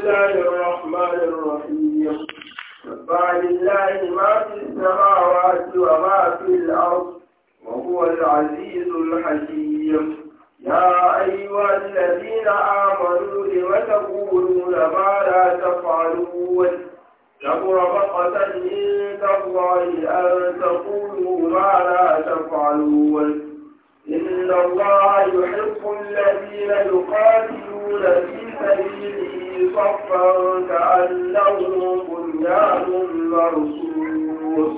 الله الرحمن الرحيم سبح الله ما في السماوات وما في الأرض وهو العزيز الحكيم يا أيها الذين آمنوا لم تقولون ما لا تفعلون كبر مقتا عند الله أن تقولوا ما لا تفعلون إن الله يحب الذين يقاتلون في سبيله صفا كأنه بنيان مرصوص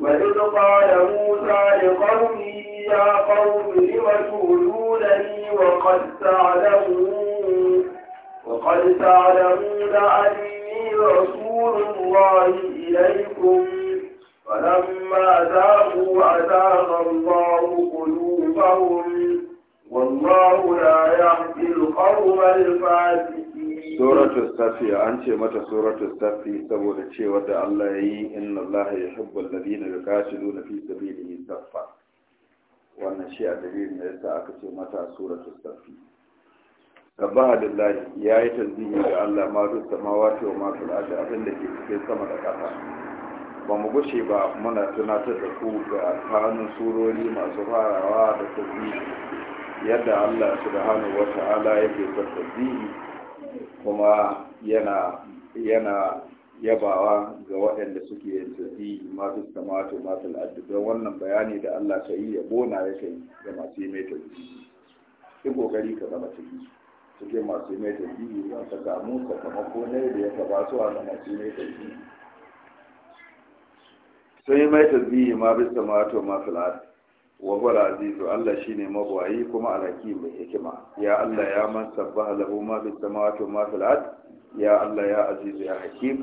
وإذ قال موسى لقومه يا قوم لم تؤذونني وقد تعلمون وقد تعلمون أني رسول الله إليكم فلما ذاقوا أذاق الله قلوبهم والله لا يهدي القوم الفاسقين suratul safi an ce mata suratul safi saboda cewa da Allah ya yi inna Allah ya hibbu alladhina yuqatiluna fi sabilihi saffa wannan shi a dalilin da yasa aka ce mata suratul safi sabaha lillahi yayi tasbihi ga Allah ma fi samawati wa ma fil ardi abin da ke cikin sama da ƙasa ba mu gushe ba muna tunatar da ku ga alfanun surori masu farawa da tasbihi yadda Allah subhanahu wa ta'ala yake tasbihi kuma yana yana yabawa ga waɗanda suke yantazi masu samatu masu al'addu wannan bayani da Allah ta yi yabo na ya kai ga masu yi mai tafi ki kokari ka zama ciki suke masu yi mai tafi za ka samu sakamako na da ya taba su a masu yi mai tafi sun yi mai tafi ma bisa mato masu al'addu wa huwa azizu Allah shine mabwayi kuma alhakim mai hikima ya Allah ya man sabbaha lahu ma fis samawati wa ma fil ard ya Allah ya azizu ya hakim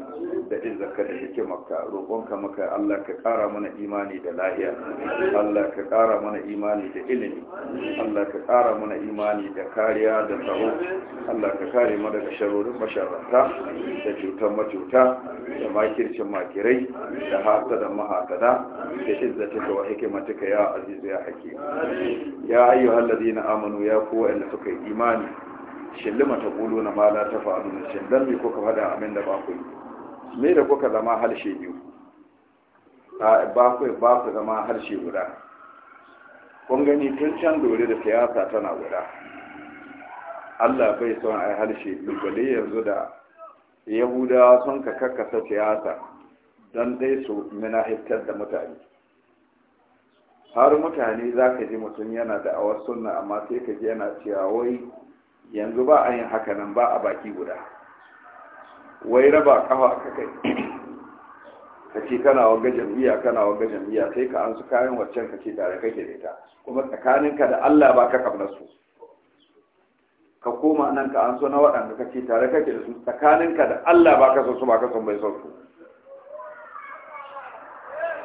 da izzaka da hikimarka roƙonka maka Allah ka ƙara mana imani da lahiya Allah ka ƙara mana imani da ilimi Allah ka ƙara mana imani da kariya da tsaro Allah ka kare mu daga sharorin masharanta da cutar macuta da makircin makirai da hata da mahatada da izzatika wa hikimatika ya azizu ya hakim ya ayyuhallazina amanu ya ku wa'anda suka imani shillima ta kulo na la ta faru na shillan me kuka fada amin da ba ku yi me da kuka zama harshe biyu ba ku ba ku zama harshe guda kun gani tun can dore da siyasa tana guda Allah bai son a yi harshe biyu bale yanzu da yahudawa sun ka kakkasa siyasa don dai su minahittar da mutane har mutane za ka ji mutum yana da awar sunna amma sai ka ji yana cewa wai yanzu ba a yin haka nan ba a baki guda wai raba kafa ka kai ka ce kana wa gajen jam'iyya kana wa gajen jam'iyya sai ka an su kayan waccan ka ce tare kake da ita kuma tsakaninka da Allah ba ka kabla su ka koma nan ka an so na waɗanda ka ce tare kake da su tsakaninka da Allah ba ka son su ba ka son bai son su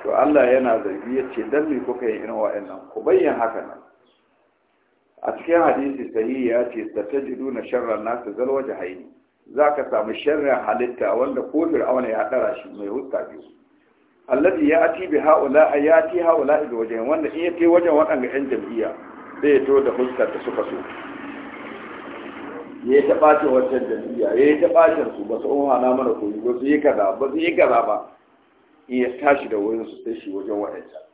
to Allah yana zargi ya ce dan me kuka yi irin wa'annan ku bayyana haka nan a cikin hadisi sahihi ya ce satajidu na sharran nasu zalwa jahaini za ka samu sharrin halitta wanda ko fir'auna ya dara shi mai huska biyu allati ya ati bi haula ya ati haula bi wajen wanda in ya kai wajen waɗanda yan jam'iyya zai ya to da huskar da suka so ya yi ta bacin wancan jam'iyya ya yi ta bacin su ba su umma na mana koyi ba su yi kaza ba su yi kaza ba in ya tashi da wurin su sai shi wajen waɗanda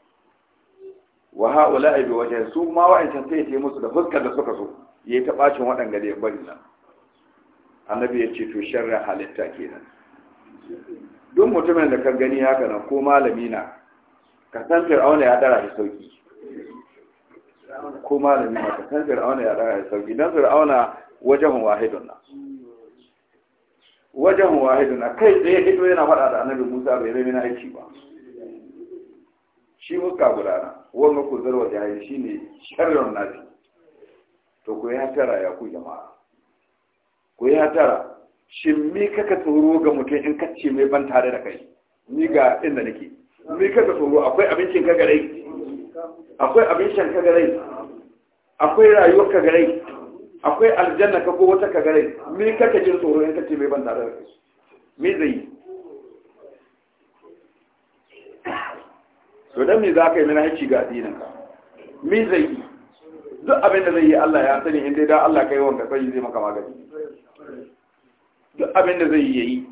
wa haula bi wajen su ma wa'ancan sai ya musu da fuskar da suka so yayi ta bacin waɗanga da ya bari nan annabi ya ce to sharrin halitta kenan duk mutumin da ka gani haka nan ko malami na ka san fir'auna ya dara shi sauki ko malami na ka san fir'auna ya dara shi sauki dan fir'auna wajen wahidun na wajen wahidun kai tsaye hito yana faɗa da annabi Musa bai rai na aiki ba shi muka gudana wanda ku zarwa yayi shine sharrin nafi to ku yi hatara ya ku jama'a ku yi hatara shin me kaka tsoro ga mutum in kace mai ban tare da kai ni ga inda nake me kaka tsoro akwai abincin ka garai akwai abincin ka garai akwai rayuwar ka garai akwai aljanna ka ko wata ka garai me kaka jin tsoro in kace mai ban tare da kai me zai yi to dan me za ka yi mana haici ga addininka me zai yi duk abin da zai yi Allah ya sani in dai da Allah kai wanda sai zai maka magani duk abin da zai yi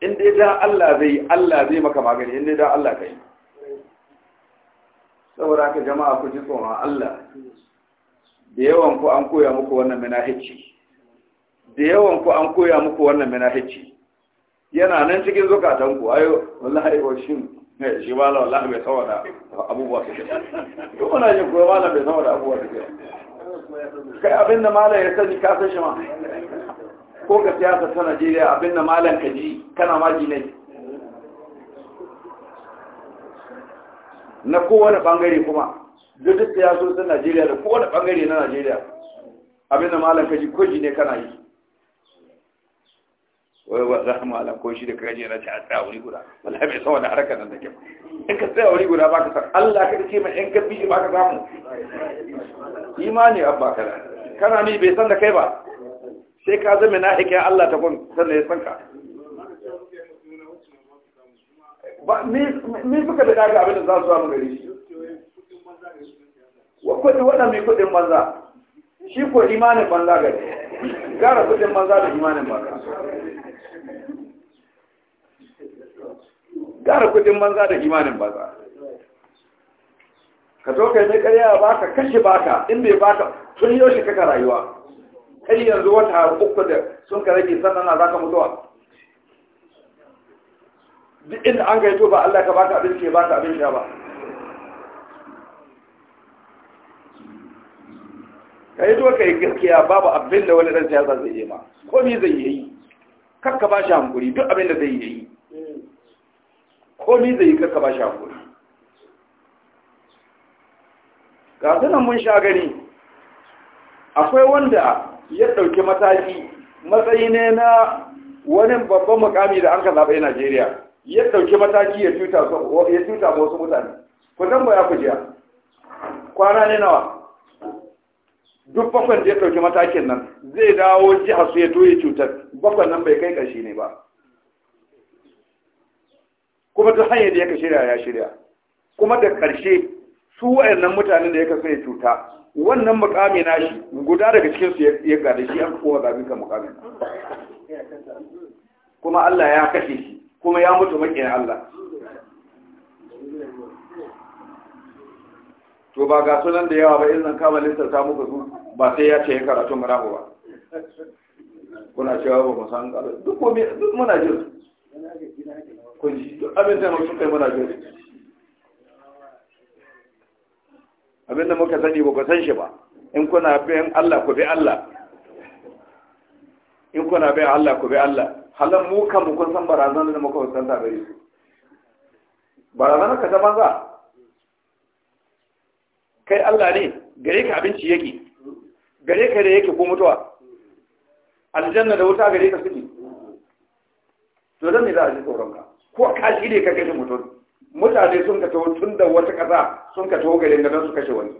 Inda in dai da Allah zai Allah zai maka magani in dai da Allah kai saboda ka jama'a ku ji tsoron Allah da yawan ku an koya muku wannan manahici da yawan ku an koya muku wannan manahici yana nan cikin zukatanku ayo wallahi washin ne eh, shi malam wallahi bai saboda abubuwa suke duk muna jin koyo malam bai saboda abubuwa suke kai abin da malam ya sani ka san shi ma ko ka siyasa ta Najeriya abin da malam ka ji kana ma ji ne na kowane bangare kuma duk siyasosin Najeriya da kowane bangare na Najeriya abin da malam ka ji ko ji ne kana yi wai ba za mu ala ko shi da kaje na ci a tsaya wuri guda wallahi bai san wannan harkar nan da take in ka tsaya wuri guda baka san Allah ka ce mai in ka bi baka samu imani abba kana kana ni bai san da kai ba sai ka zama na hikin Allah ta gun sannan ya san ka ba me suka da daga abin da za su samu gari shi wa kudi wannan mai kudin banza shi ko imanin banza gari gara kudin banza da imanin banza gara kudin banza da imanin banza ka zo kai mai karya ba ka kashe baka in bai baka tun yaushe kaka rayuwa kai yanzu wata uku da sun ka rage sannan na zaka mutuwa duk inda an gaito ba Allah ka baka abin ke baka abin sha ba ka yi zuwa ka yi gaskiya babu abin da wani ɗan siyasa zai yi ma ko ni zai yi kakka ba shi hankuri duk abin da zai yi ko ni zai kaka ba shi hakuri ga sunan mun sha gani akwai wanda ya ɗauki mataki matsayi ne na wani babban mukami da an ka zaɓe Najeriya ya ɗauki mataki ya tuta wasu mutane ku tambaya ku jiya kwana ne nawa duk bakon da ya ɗauki matakin nan zai dawo jihar su ya toye cutar bakon nan bai kai ƙarshe ne ba kuma duk hanyar da yaka shirya ya shirya kuma da ƙarshe su wa'annan mutanen da yaka sai cuta wannan mukami nashi guda daga cikin su ya gada shi an kowa zabi ka mukamin kuma Allah ya kashe shi kuma ya mutu makiyin Allah to ba ga sunan da yawa ba in zan kama lissarta muka su ba sai ya ce ya karatu marahu ba kuna cewa ba mu san duk muna jin kun abin da mutum kai mana gari abin da muka sani ba ku san shi ba in kuna bayan Allah ku bi Allah in kuna bayan Allah ku bi Allah halan mu kan mu kun san barazan da muka san ta gari barazan ka ta banza kai Allah ne gare ka abinci yake gare ka da yake ko mutuwa aljanna da wuta gare ka suke to dan me za a ji tsoron ka ko kashi ne ka kashe mutum mutane sun ka tun da wata ƙasa sun ka taho da don su kashe wani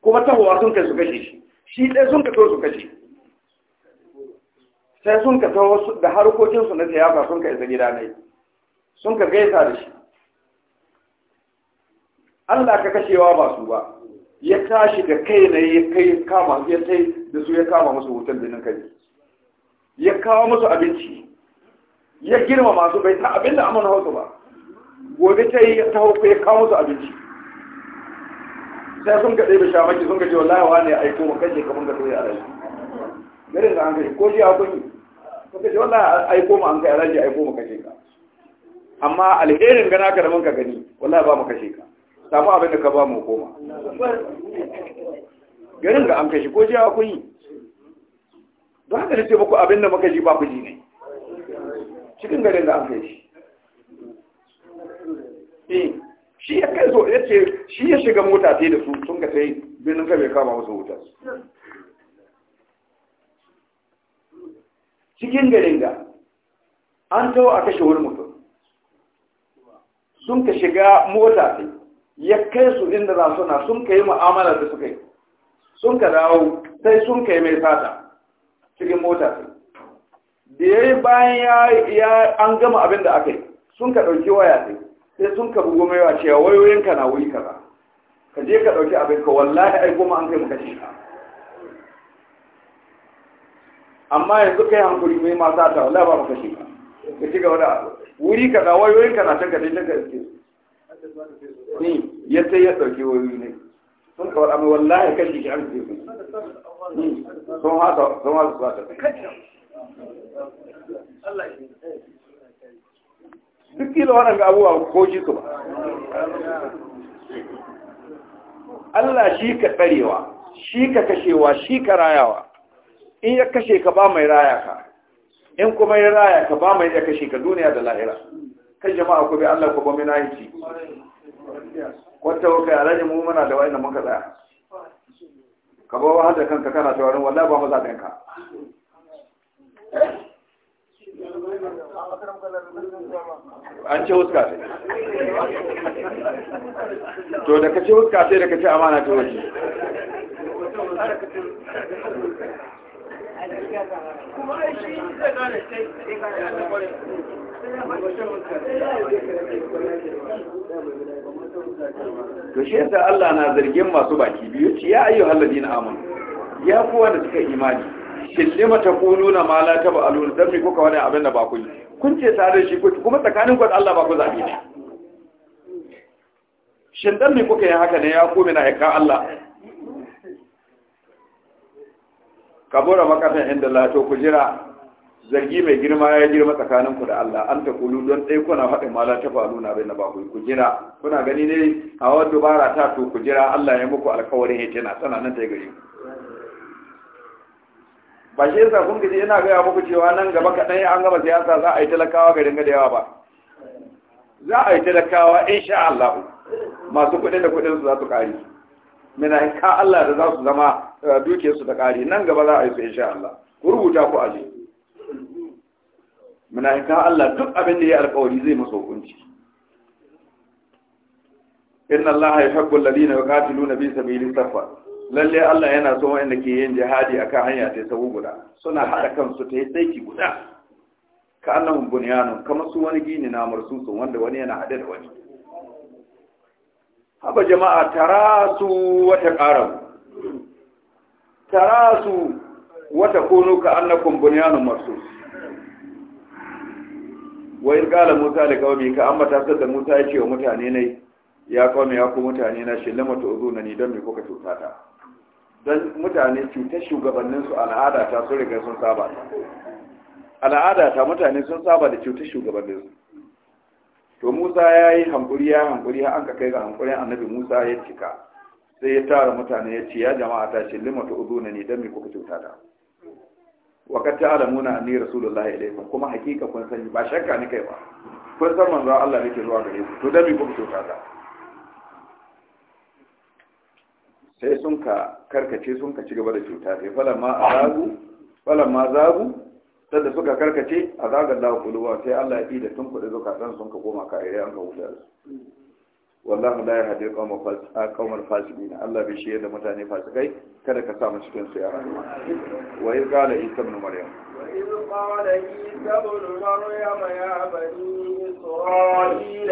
kuma tahowa sun kai su kashe shi shi ɗaya sun ka su kashe sai sun ka taho da harkokinsu na siyasa sun kai isa gida ne sun ka gaisa da shi Allah ka kashewa ba su ba ya tashi da kai na ya kai kama ya tai da su ya kama musu wutar da nan kai ya kawo musu abinci ya girma masu bai ta abin da amana hausa ba gobe ta yi ta hauka ya kawo su abinci sai sun ga ɗaya shamaki sun gaji wallahi wa ne aiko wa kashe kamar ga doya alaji garin da an gaji ko shi akwai sun gaji wallahi aiko ma an kai a aiko ma kashe ka amma alherin gana ka da mun ka gani wallahi ba mu kashe ka samu abin da ka ba mu koma garin da an kashe ko shi akwai don haka ce muku abin da muka ji ba ku ji ne cikin garin da an kai shi eh, shi ya kai so ya ce shi ya shiga mota da su sun ka sai birnin kabe kama musu wuta cikin garin da an tawo a kashe wani mutum sun ka shiga mota ta ya kai su inda za su na sun ka yi mu'amala da suka yi sun ka dawo sai sun ka yi mai sata cikin mota ta yayi bayan ya an gama abin da aka yi sun ka ɗauki waya sai sai sun ka bugu mai wa wayoyin ka na wuri kaza ka je ka ɗauki abin ka wallahi ai goma an kai maka shi amma yanzu kai hankuri mai mata ta wallahi ba maka shi ka ci gaba da wuri kaza na can ka je can ka iske ni ya sai ya ɗauki wayoyi ne sun ka faɗa wallahi kashi shi an ce sun hata sun hata su hata duk kila ga abubuwa ko shi ba Allah shi ka tsarewa shi ka kashewa shi ka rayawa in ya kashe ka ba mai raya ka in kuma ya raya ka ba mai ya kashe ka duniya da lahira kan jama'a ku bi Allah ku gomina mina yi wata kai alaji mu muna da wani muka tsaya ka ba wa hada kanka kana tawarin wallahi ba mu za ka an ce huska sai to da ka ce huska sai da ka ce amana ta wace to shi yasa Allah na zargin masu baki biyu ce ya ayyuhal ladina amanu ya kowa da suka imani kilima ta kulu na mala ta ba alu dan me kuka wani abin da ba ku yi kun ce tare shi kuma tsakanin ku da Allah ba ku zabi ne shin dan mi kuka yi haka ne ya ku mina aika Allah kabura makatan inda la to ku jira zargi mai girma ya girma tsakanin ku da Allah an ta kulu don dai kuna faɗi ta ba alu na abin da ba ku yi ku jira kuna gani ne a wadda bara ta to ku jira Allah ya muku alkawarin hitina tana nan ta gari ba shi yasa kun gaji ina gaya muku cewa nan gaba kaɗan an gama siyasa za a yi talakawa garin ga da yawa ba za a yi talakawa insha Allah masu kuɗi da kuɗin su za su ƙari mina ka Allah da za su zama eh, dukiyar su da ƙari nan gaba za a yi su insha Allah ku rubuta ku aje mina ka Allah duk abin da ya alƙawari zai masa hukunci inna Allah hakku ladina yuqatiluna bi sabili safa lalle Allah yana son wanda ke yin jihadi akan hanya ta sabu guda suna hada kansu ta yi saiki guda ka annan bunyanun kamar su wani gini na marsusun wanda wani yana hade da wani haba jama'a tarasu wata tara tarasu wata kono ka annakum bunyanun marsus wa in qala musa da kawai ka amma ta da musa ya ce wa mutane ne ya qaumi ya ku mutane na shillama tu'zuna ni dan me kuka cuta ta don mutane cutar shugabanninsu al'ada ta sun riga sun saba al'ada ta mutane sun saba da cutar shugabanninsu to musa ya yi hankuri ya hankuri an ka kai ga hankurin annabi musa ya cika sai ya tara mutane ya ce ya jama'a ta ce lima ta uzuna ni dan mi kuka cuta ta wa kad ta'lamuna anni rasulullahi ilaikum kuma hakika kun sani ba shakka ni kai ba kun san manzo Allah nake zuwa gare ku to dan mi kuka cuta ta sai sun ka karkace sun ka ci gaba da cuta sai falamma ma falamma zagu sanda suka karkace azaga Allah kuluwa sai Allah ya da tun kuɗi zukatan sun ka goma ka ire an ka huta su wallahi la yahdi qawma fasiqa qawmal fasiqin Allah bai shiye da mutane fasikai kada ka sa mu cikin su ya rahama wa iz qala isa ibn maryam wa iz qala isa ibn maryam ya bani إسرائيل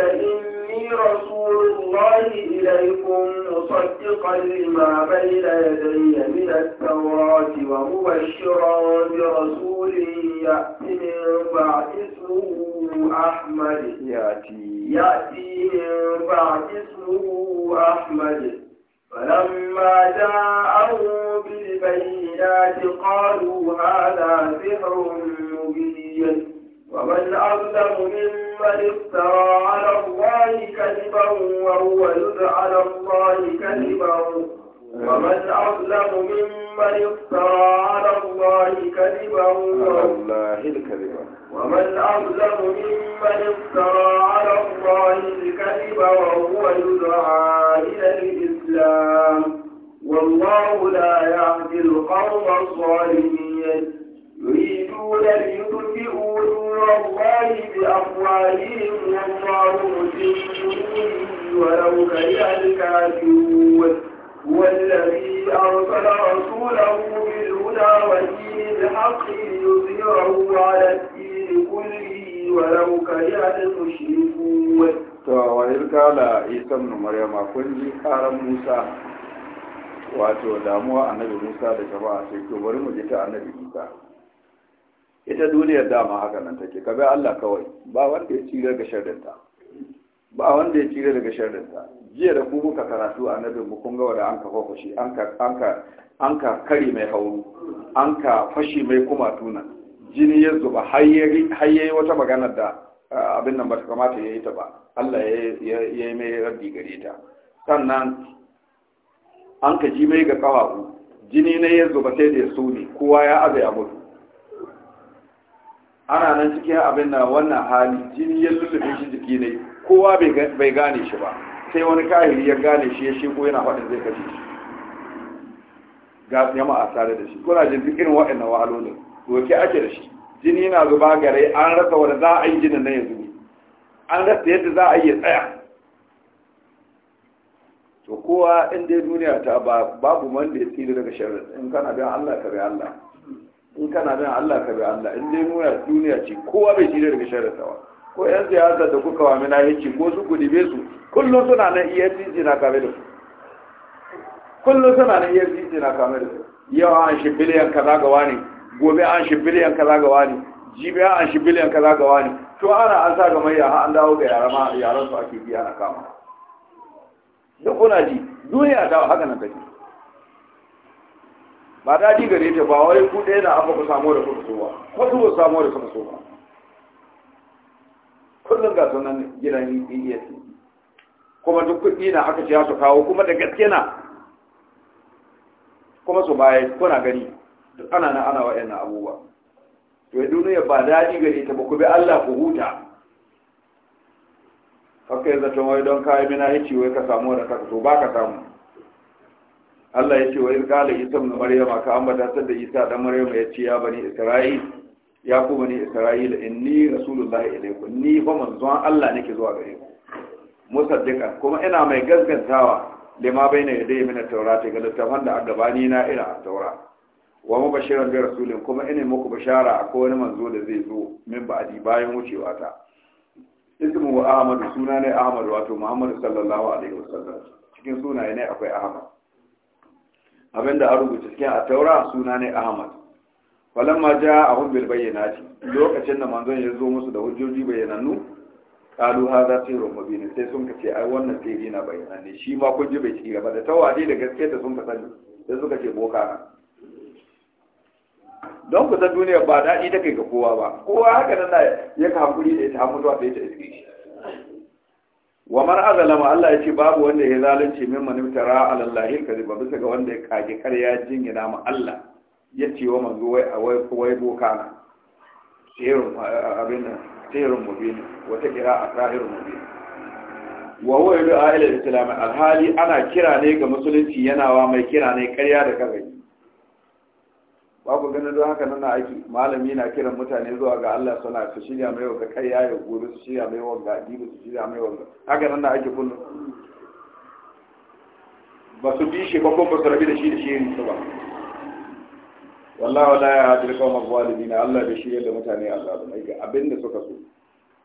إني رسول الله إليكم مصدقا لما بين يدي من التوراة ومبشرا برسول يأتي من بعد اسمه أحمد يأتي يأتي من بعد اسمه أحمد فلما جاءوا بالبينات قالوا هذا سحر مبين ومن أظلم ممن افترى على الله كذبا وهو يدعى على الله كذبا ومن أظلم ممن افترى على الله كذبا ومن أظلم ممن افترى على الله الكذب وهو يدعى إلى الإسلام والله لا يهدي القوم الظالمين يريدون أن يطفئوا نور الله بأقوالهم والله مسلم ولو كره الكافرون هو الذي أرسل رسوله بالهدى ودين الحق ليظهره على الدين كله ولو كره المشركون to kala isa ibn maryama kun ji karan musa wato damuwa annabi musa da jama'a sai to bari mu ji ta annabi musa ita duniyar dama haka nan take ka bai Allah kawai ba wanda ya tsira ga sharrinta ba wanda ya tsira daga sharrinta jiya da ku muka karatu a nabin mu kun ga wanda an ka kwakwashe an ka an ka an ka kari mai hauru an ka fashi mai kuma tuna jini ya zuba har yayi wata magana da abin nan ba ta kamata ya yi ta ba Allah ya yi mai raddi gare ta sannan an ka ji mai ga kawa jini ne ya zuba sai da ya sune kowa ya aza a mutu ana nan cikin abin na wannan hali jini ya lullube shi jiki ne kowa bai gane shi ba sai wani kahiri ya gane shi ya ko yana faɗin zai kashe shi ga a tare da shi kuna jin irin waɗannan wahalolin doke ake da shi jini na zuba gare an rasa wanda za a yi jinin na ya zubi an rasa yadda za a yi tsaya to kowa in dai duniya ta babu wanda ya tsira daga sharri in kana bin Allah ka bi Allah in kana bin Allah ka bi Allah in dai muna duniya ce kowa bai shirya daga sharrinsa ba ko yan siyasa da kuka wa mina yace ko su be su kullum suna nan EFCC na kame da su kullum suna nan EFCC na kame da su yau an shi biliyan kaza ga wani gobe an shi biliyan kaza ga wani jibi an shi biliyan kaza ga wani to ana an sa ga mayya an dawo ga yara ma yaran su ake biya na kama duk kuna ji duniya da haka nan take ba daji gare ta ba wai ku ɗaya na abu ku samu da kuka so ba ko su ku samu da kuka so kullum ga sunan gidan EFC kuma duk kuɗi na aka ce su kawo kuma da gaske na kuma su baya kuna gani duk ana na ana wa'yan abubuwa to duniya ba daɗi gare ta ba ku bi Allah ku huta haka zaton wai don kayan mina hici wai ka samu da kaka to ba ka samu Allah ya ce wa qala isa ibn maryama ka ambata ta da isa dan maryama ya ce ya bani isra'il ya ku bani isra'il inni rasulullah ilaikum ni fa manzon Allah nake zuwa gare ku musaddiqa kuma ina mai gaskantawa lima bayna yadayya min at-taurati ga littafan da bani na ina taura wa mubashiran bi rasulin kuma ina muku bashara akwai wani manzo da zai zo min ba'adi bayan wucewa ta ismu ahmad suna ne ahmad wato muhammad sallallahu alaihi wasallam cikin sunaye ne akwai ahmad abinda a rubuta cikin a taura suna ne ahmad ma ja a hun bayyana ci lokacin da manzon ya zo musu da hujjoji bayyanannu kalu hadha sirrun ne sai sun kace ai wannan sirri na ne, shi ma kun ji bai ci gaba da tawadi da gaske da sun ka sani sai suka ce boka na don ku san duniya ba daɗi ta kai ga kowa ba kowa haka nan ya ka hakuri da ita mutuwa yi ta iske wa man azalama Allah yace babu wanda ya zalunci min man tara ala Allah kadiba bisa ga wanda ya kage karya jingina ma Allah ya wa manzo wai wai wai boka na sirrun abin nan sirrun mubin ta kira sahirun mubin wa huwa yad'a ila al-islam al-hali ana kira ne ga musulunci yana wa mai kira ne karya da kafai babu ganin don haka nan na aiki malami na kiran mutane zuwa ga Allah suna su shirya mai wanga kai ya gobe su shirya mai wanga adibu su shirya mai wanga haka nan na aiki kullum ba su bi shi ba ko ba su rabi da shi da shirin su ba wallahi la ya hadil qawm az-zalimin Allah bai shirya da mutane azabun ga abin da suka so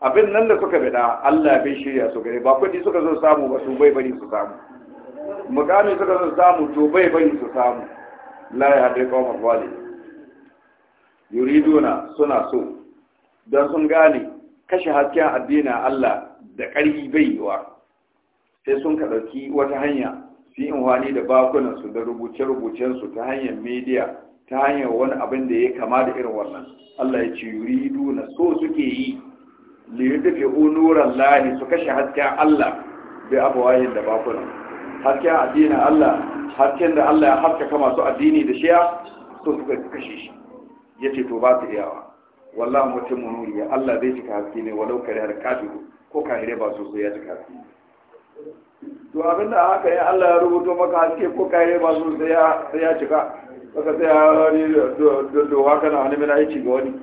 abin nan da suka bida Allah bai shirya su gare ba kudi suka zo samu ba su bai bari su samu mukami suka zo samu to bai bari su samu la ya hadil qawm az-zalimin yuriduna suna so don sun gane kashe hasken addinin Allah da ƙarfi bai yiwa sai sun ka ɗauki wata hanya su yi da bakunansu da rubuce-rubucensu ta hanyar media ta hanyar wani abin da ya kama da irin wannan Allah ya ce yuriduna so suke yi liyudufi unuran lahi su kashe hasken Allah bai abuwayin da bakunan hasken addinin Allah hasken da Allah ya haskaka masu addini da shiya so suka kashe shi ya ce to ba su iyawa wallahi mutum munuri ya Allah zai cika haske ne walau kare har kafiru ko kahire ba so ya cika haske to abin da haka ya Allah ya rubuto maka haske ko kahire ba so sai ya cika baka sai ya wani haka kana wani mina aiki ga wani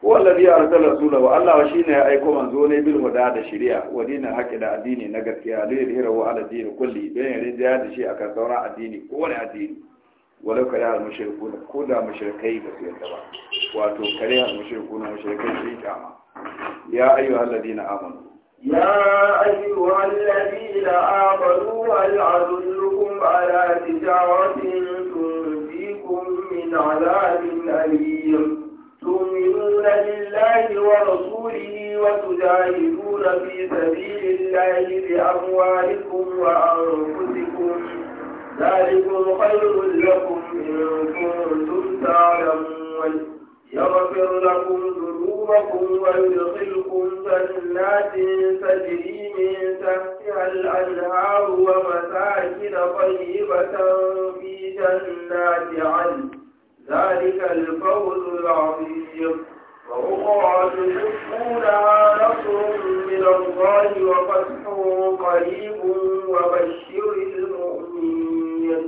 huwa alladhi arsala wa Allah shi ne ya aika manzo ne bil huda da shari'a wa dinin haƙi da addini na gaskiya da yadhirahu ala dini kulli bayan rijaya da shi akan sauran addini ko wani addini ولو كان المشركون كل مشركي في الدرا واتو كره المشركون مشركي في جامع يا ايها الذين امنوا يا ايها الذين امنوا هل أدلكم على تجاره تنفيكم من عذاب اليم تؤمنون بالله ورسوله وتجاهدون في سبيل الله باموالكم وانفسكم ذلكم خير لكم إن كنتم تعلمون يغفر لكم ذنوبكم ويدخلكم جنات تجري من تحتها الأنهار ومساكن طيبة في جنات عدن ذلك الفوز العظيم وأخرى تحبونها نصر من الله وفتح قريب وبشر المؤمنين كثير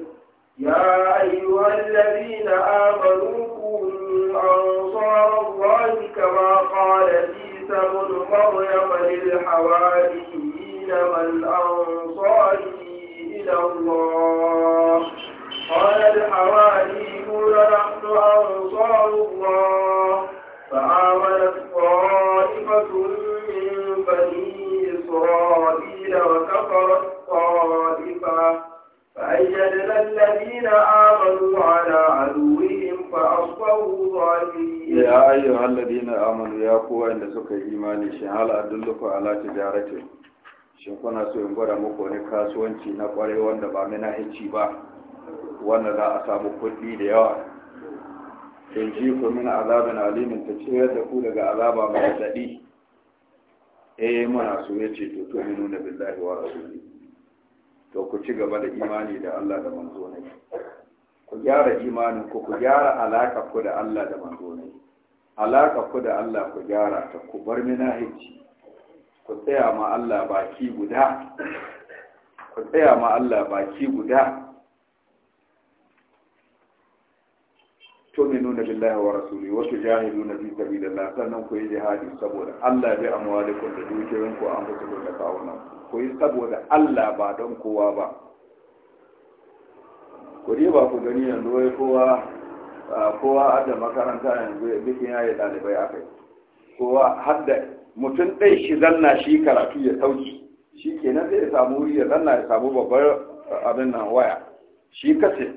يا أيها الذين آمنوا كونوا أنصار الله كما قال عيسى بن مريم للحواريين من أنصار ku wanda suka yi imani shi hala adulluku ala tijaratin shin kuna so in gwada muku wani kasuwanci na kwarai wanda ba mina hici ba wanda za a samu kuɗi da yawa in ji ku min azabin alimin ta ce da ku daga azaba mai daɗi eh muna so ya ce to to minu na billahi wa rasuli to ku ci gaba da imani da Allah da manzo ne ku gyara imanin ku ku gyara alaka ku da Allah da manzo ne alaƙa ku da Allah ku gyara ta ku bar minahici ku tsaya ma Allah baki guda ku tsaya ma Allah baki guda nuna billahi wa rasuli wa bi sabida sabilillah sannan ku yi jihadi saboda Allah bi amwalikum da ku an fito da kawuna. ku yi saboda Allah ba don kowa ba ku riba ku gani yanzu wai kowa kowa adda makaranta yanzu bikin yi ɗalibai aka yi kowa hadda mutum ɗai shi zanna shi karatu ya sauki shi ke nan zai samu wuri ya zanna ya samu babbar abin nan waya shi kace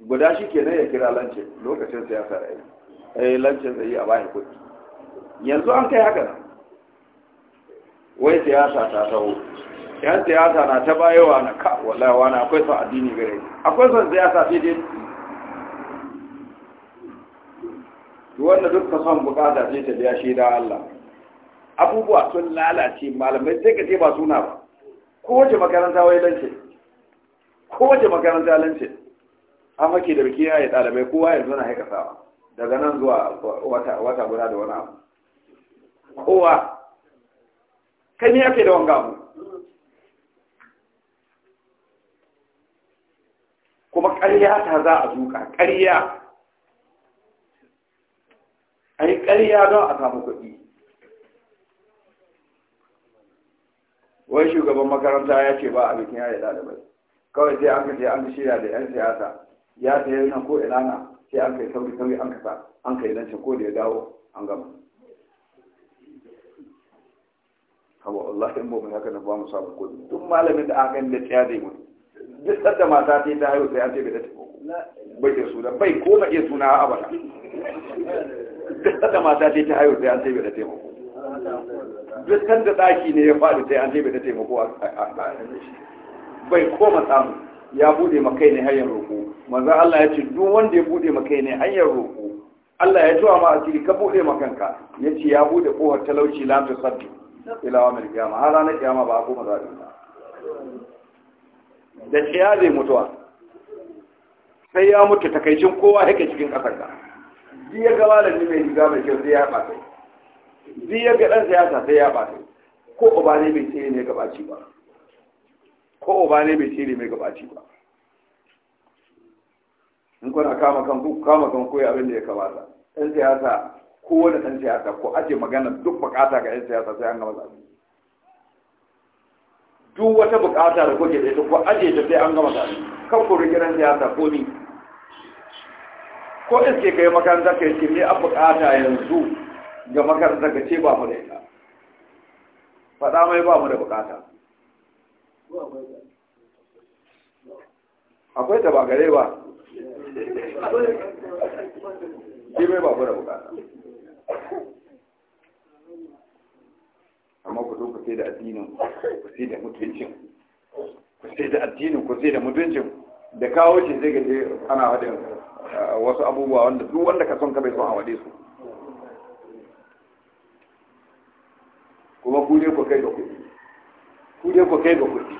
guda shi ke nan ya kira lance lokacin siyasa da yi eh lance zai yi a bayan kuɗi yanzu an kai haka nan wai siyasa ta taho yan siyasa na ta bayowa na ka wallahi wani akwai son addini gare akwai son siyasa sai dai to wanda duk ka son bukata ce ta biya shi da Allah abubuwa sun lalace malamai sai ka ce ba suna ba kowace makaranta wai lance kowace makaranta lance an maki da ya yi ɗalibai kowa yanzu na haika sawa daga nan zuwa wata guda da wani abu kowa kai ne ake da wanga mu, kuma ƙarya ta za a zuka ƙarya a yi ƙarya don a samu kuɗi wai shugaban makaranta ya ce ba a bikin yare ɗalibai kawai sai an ka an ka shirya da 'yan siyasa ya ta yi nan ko ina na sai an kai sauri sauri an kasa an kai nan ko da ya dawo an gama Hawa Allah in mu haka na ba mu samu kuɗi duk malamin da aka yi da tsaya zai mutu duk da mata ta yi ta haihu sai an ce bai da tafi bai da suna bai koma iya suna a abada duk da mata ce ta haihu sai an taibe da taimako duk sanda daki ne ya faɗi sai an taibe da taimako a bai koma samu ya bude makai ne hanyar roƙo Maza Allah ya ce duk wanda ya bude makai ne hanyar roƙo Allah ya wa ma asiri ka bude makanka ya ce ya bude kohar talauci lam sabbi ilawa mai kiyama har ranar kiyama ba a koma zaɓi da ciya zai mutuwa sai ya mutu takaicin kowa yake cikin ƙasar ka duk ya ga malami mai riga mai kyau sai ya ba kai zai ya ga ɗan siyasa sai ya ba kai ko uba ne mai tsere mai gabaci ba ko uba ne mai tsere mai gabaci ba in kuna kama kanku kama kanku ya abin da ya kamata ɗan siyasa ko wani ɗan siyasa ko ake magana duk bukata ga ɗan siyasa sai an gama zaɓe duk wata bukata da kuke da ita ko ajiye ta sai an gama zaɓe kan ku rike siyasa ko ni ko iske kai makaranta kai ce ne an bukata yanzu ga makaranta ka ce ba mu da ita faɗa mai ba mu da bukata akwai ta ba gare ba Ke mai ba mu da bukata amma ku zo ku sai da addinin ku sai da mutuncin ku sai da addinin ku sai da mutuncin da kawo shi zai gaje ana haɗin wasu abubuwa wanda duk wanda ka son ka bai son a wade su kuma ku ne ku kai ga kuɗi ku ne ku kai ga kuɗi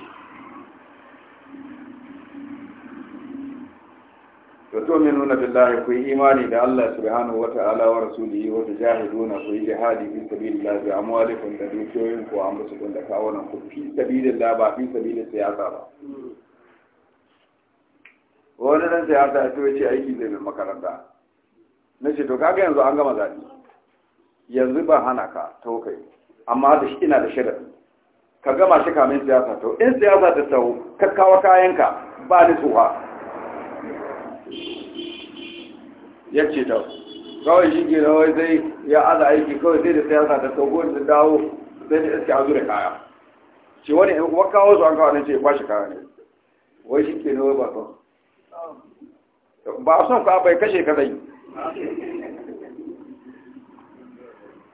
to to min nuna billahi ku yi imani da Allah subhanahu wa ta'ala wa rasulihi wa tajahiduna ku yi jihadi fi sabilillah bi amwalikum da dukiyoyin ku an musu kun da kawunan ku fi sabilillah ba fi sabilillah siyasa ba wani nan sai ta fito ce aiki zai mai makaranta na ce to kaga yanzu an gama zaɓi yanzu ban hana ka ta kai amma da shi ina da shirin ka gama shi kamin siyasa to in siyasa ta ka kakkawa kayanka ba ni tsuwa ya ce ta kawai shi ke nawai zai ya aza aiki kawai sai da siyasa ta taho da dawo sai da iska azu da kaya ce wani in kuma kawo su an kawo nan ce ba shi kaya ne wai shi ke nawai ba kawai ba son ka bai kashe ka zai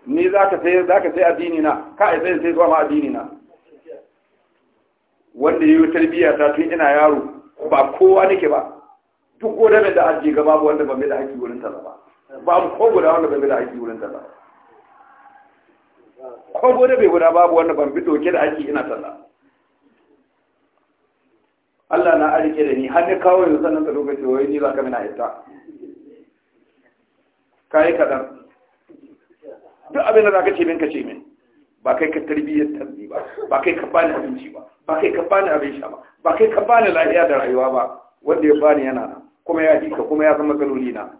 ni za ka sai za ka sai addini na ka ai sai sai zuwa ma addini na wanda yayi tarbiyya ta tun ina yaro ba kowa nake ba duk godabe da aji ga babu wanda ba mai da haƙi wurin ta ba babu ko guda wanda ba mai da haƙi wurin ta ba ko bai guda babu wanda ban bi doke da haƙi ina talla Allah na arike da ni har ni kawo yanzu sannan ka lokaci wai ni za ka mina ita kai dan duk abin da zaka ce min ka ce min ba kai ka tarbiyyar tarbi ba ba kai ka bani abinci ba ba kai ka bani abin sha ba ba kai ka bani lafiya da rayuwa ba wanda ya bani yana nan kuma ya jika kuma ya zama kaloli na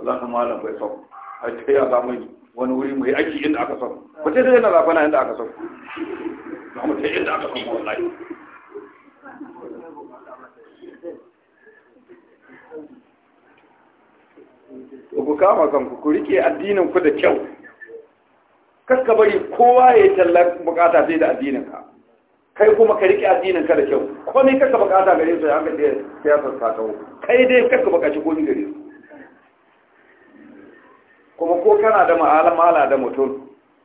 Allah kuma malam bai sau a ta ya zama wani wuri mai aiki inda aka sau ku ce da yana zafana inda aka sau za mu ce inda aka sau wallahi to ku kama kanku ku rike addinin ku da kyau kaska bari kowa ya talla bukata sai da addinin ka kai kuma ka rike addinin ka da kyau komai kaka bukata gare su haka da siyasar sakawo kai dai kaka bukaci ni gare su kuma ko kana da ma'alamala da mutum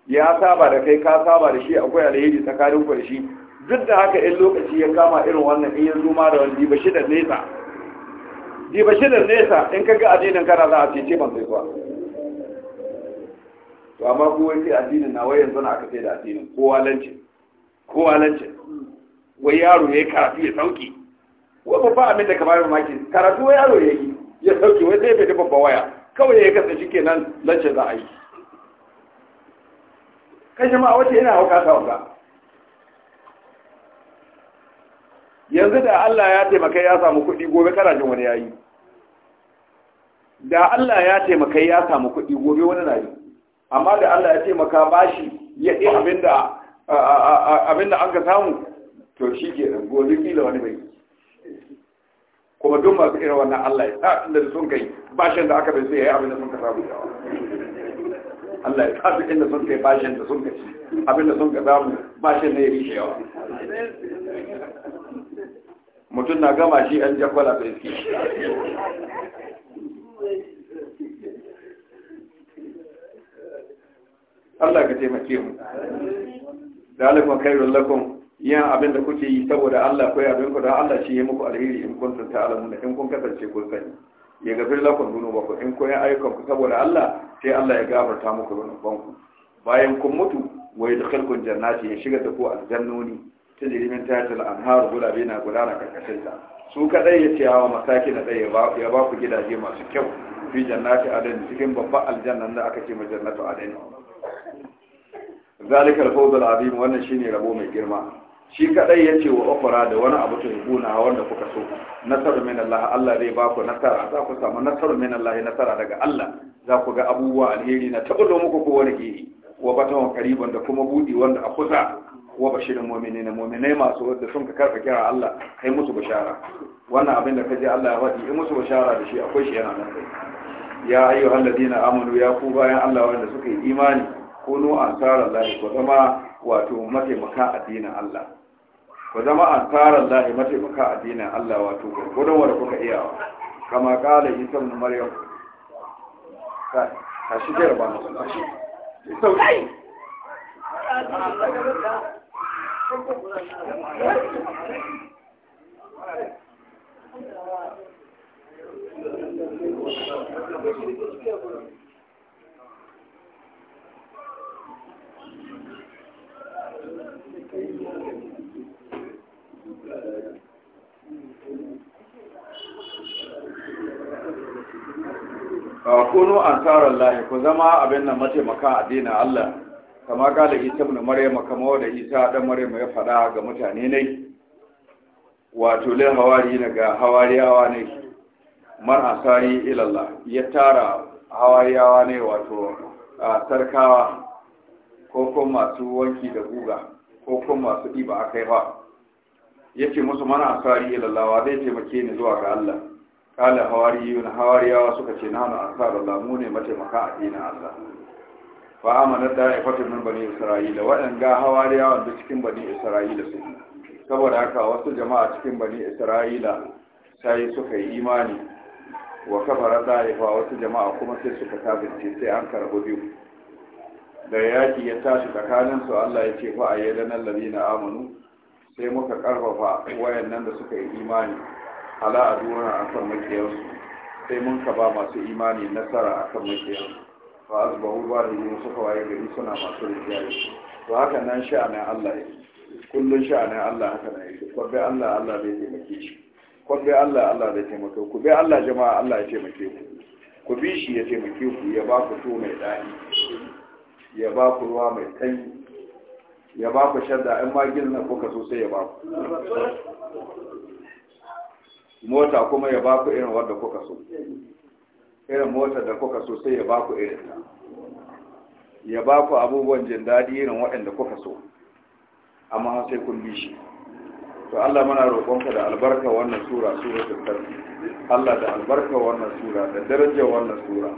ya saba da kai ka saba da shi akwai alheri tsakanin ku da shi duk da haka in lokaci ya kama irin wannan in ya zuma da wani ba shi da nesa diba shi da nesa in ka ga addinin kana za a cece ban sai kuwa to amma ko wai addinin na wai yanzu na aka sai da addinin kowa lancin kowa lancin wai yaro ya yi karatu ya sauki wai babba a da kamar mamaki karatu wai yaro ya yi ya sauki wai sai bai babba waya kawai ya kasance kenan lancin za a yi ma a wace yana hauka ta hauka yanzu da Allah ya taimaka ya samu kuɗi gobe kana jin wani yayi da Allah ya taimaka ya samu kuɗi gobe wani na yi amma da Allah ya taimaka bashi ya yi abinda abinda an ka samu to shi ke nan gobe kila wani bai kuma duk masu irin wannan Allah ya sa inda sun kai bashin da aka bai sai ya yi abinda sun ka samu yawa Allah ya sa inda sun kai bashin da sun kai abinda sun ka samu bashin da ya yi shi yawa mutum na gama shi yan jakwala sai suke Allah ka taimake mu dalikun khairul lakum yin abin da kuke yi saboda Allah ko abin ku da Allah shi ya muku alheri in kun kuntum ta'lamun in kun kasance kun sani ya gafir lakum dunubakum in kun yi ayyukan ku saboda Allah sai Allah ya gafarta muku ku bayan kun mutu wa yadkhulukum jannati ya shiga da ku aljannoni tajiri min tatil gula bai na gudana karkashin ta su kadai ya ce hawa masaki na ɗaya ya ba ku gidaje masu kyau fi jannati adani cikin babban aljannan da aka ce ma jannatu adani zalika al azim wannan shine rabo mai girma shi kadai ce wa ukhra da wani abu to a wanda kuka so nasaru min Allah Allah zai ba ku nasara za ku samu nasaru min Allah nasara daga Allah za ku ga abubuwa alheri na tabullo muku ko wani gidi wa kariban da kuma budi wanda a kusa wa bashirin mu'mini na mu'minai masu wadda sun ka karfa kira Allah kai musu bashara wannan abin da kaje Allah ya faɗi in musu bashara da shi akwai shi yana nan ya ayyuhal ladina amanu ya ku bayan Allah wanda suka yi imani kunu ansarallahi ku zama wato mataimaka addinin Allah ku zama ansarallahi mataimaka addinin Allah wato gudun wanda kuka iyawa kama kala isa ibn maryam ka shi jarba ka shi sauki kunu tara layi ku zama abin nan a addinin Allah kama da isa ibn maryama kama wanda isa dan maryama ya faɗa ga mutane ne wato lai hawari daga hawariyawa ne man asari ilalla. ya tara hawariyawa ne wato sarkawa ko kuma masu wanki da guga ko kuma masu ɗiba a kai ba ya ce musu mana asari ilalla wa zai taimake ni zuwa ga Allah kala hawari yun hawariyawa suka ce na hana asarar lamu ne mataimaka a dina Allah fa amana da ifatu min bani isra'ila waɗanga hawariya wanda cikin bani isra'ila su saboda haka wasu jama'a cikin bani isra'ila sai suka yi imani wa kafara da ifa wasu jama'a kuma sai suka kafirce sai an karɓi biyu da yaki ya tashi tsakanin su Allah ya ce fa ayyadana na amanu sai muka karfafa wayannan da suka yi imani ala aduna akan makiyarsu sai mun ka ba masu imani nasara akan makiyarsu fa asbahu zalimin suka waye gari suna masu rijiya to haka nan sha'anin Allah ya kullun sha'anin Allah haka nan yake ko bai Allah Allah bai taimake shi ko bai Allah Allah bai taimake ku bai Allah jama'a Allah ya taimake ku ku bi shi ya taimake ku ya ba ku to mai dadi ya ba ku ruwa mai tanki ya ba ku shadda in ma na kuka so sai ya ba ku mota kuma ya ba ku irin wanda kuka so irin motar da kuka so sai ya ba ku irin ta ya ba ku abubuwan jin daɗi irin waɗanda kuka so amma sai kun bi shi to Allah muna roƙonka da albarka wannan sura sura ta Allah da albarka wannan sura da daraja wannan sura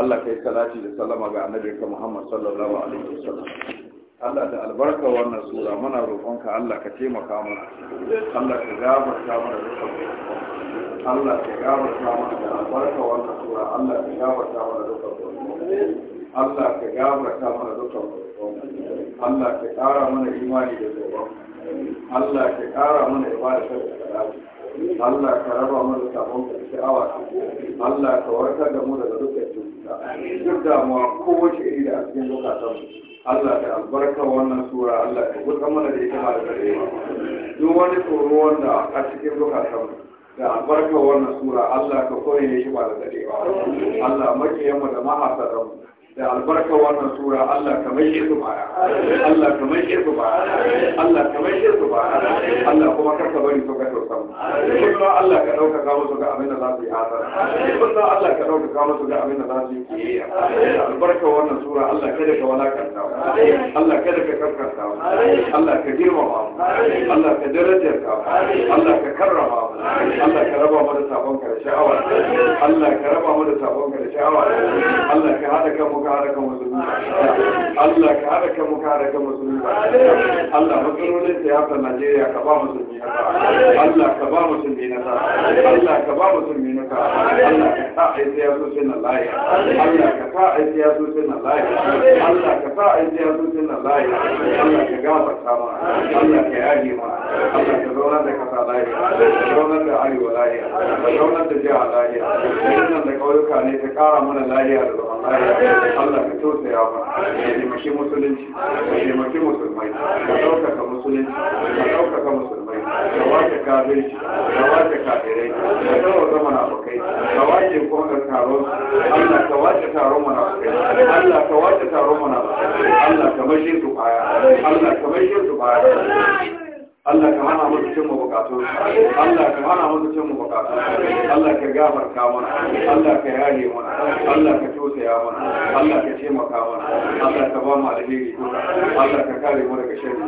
Allah kai salati da salama ga annabi Muhammad sallallahu alaihi wasallam Allah da albarka wannan sura mana roƙonka Allah ka taimaka mana Allah ka gabata mana da sauƙi Allah ka gabata mana da albarka wannan sura Allah ka gabata mana da sauƙi Allah ka gabata mana da sauƙi Allah ka ƙara mana imani da tsoron Allah ka ƙara mana ibada ta Allah ka raba mana sabon sha'awa Allah ka warkar da mu daga dukkan duk damuwa ko wace iri da a cikin zukatan Allah ka albarka wannan sura Allah ka gudan mana da ita ba da dare duk wani tsoro wanda a cikin zukatan da albarka wannan sura Allah ka koye shi ba da dare Allah makiyan mu da mahasaran da albarka wannan sura Allah ka mai shi su baya Allah ka mai shi su baya Allah ka shi su baya Allah kuma kar ka bari su ka tausa mu kuma Allah ka dauka ka musu ga abin da za su yi hasara kuma Allah ka dauka ka musu ga abin da za su yi kiyaya da albarka wannan sura Allah kada ka walakanta mu Allah kada ka kaskanta mu Allah ka girma mu Allah ka darajarta mu Allah ka karrama mu Allah ka raba mu da sabon ka da sha'awa Allah ka raba mu da sabon ka da sha'awa Allah ka hada kan mu ka musulmi Allah ka mu musulmi Allah matsalolin siyasar Najeriya ka ba musulmi na Allah ka ba musulmi na Allah ka ba musulmi na Allah ka sa a siyasoshin na layi Allah ka sa a siyasoshin na layi Allah ka sa a siyasoshin na layi Allah ka ma Allah ka ma Allah ka zaunar da kasa layi ka zaunar da arewa layi ka zaunar da jiha layi da ƙauyuka ne ka kara mana layi da zaman layi Allah ka tausaya ba ka taimaki musulunci ka taimaki musulmai ka ɗaukaka musulunci ka ɗaukaka musulmai ka wace kafirci ka wace kafirai ka tawo zama na bakai ka wace kuma taron Allah ka wace taron mana bakai Allah ka wace taron mana bakai Allah ka mashi su baya Allah ka mashi su baya Allah ka hana mu cikin bukatu Allah ka hana mu cikin bukatu Allah ka gafarta mana Allah ka yaye mana Allah ka ya mana Allah ka ce taimaka mana Allah ka ba mu alheri Allah ka kare mu daga sharri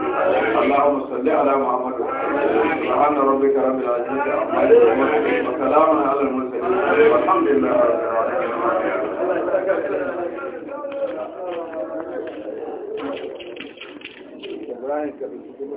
Allahumma salli ala Muhammad subhana rabbika rabbil izzati amma yasifun wa salamun ala al mursalin walhamdulillahi rabbil alamin Ibrahim